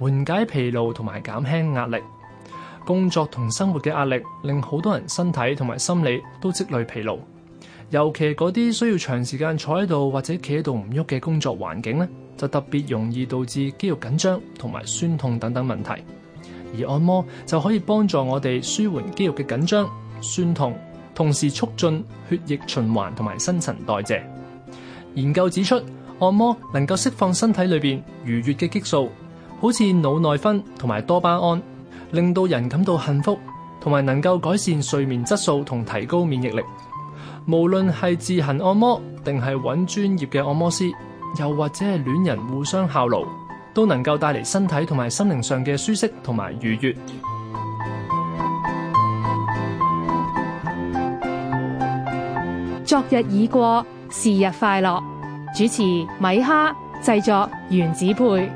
緩解疲勞，同埋減輕壓力，工作同生活嘅壓力令好多人身體同埋心理都積累疲勞。尤其嗰啲需要長時間坐喺度或者企喺度唔喐嘅工作環境咧，就特別容易導致肌肉緊張同埋酸痛等等問題。而按摩就可以幫助我哋舒緩肌肉嘅緊張、酸痛，同時促進血液循環同埋新陳代謝。研究指出，按摩能夠釋放身體裏邊愉悦嘅激素。好似腦內分同埋多巴胺，令到人感到幸福，同埋能夠改善睡眠質素同提高免疫力。無論係自行按摩，定係揾專業嘅按摩師，又或者係戀人互相效勞，都能夠帶嚟身體同埋心靈上嘅舒適同埋愉悅。昨日已過，是日快樂。主持米哈，製作原子配。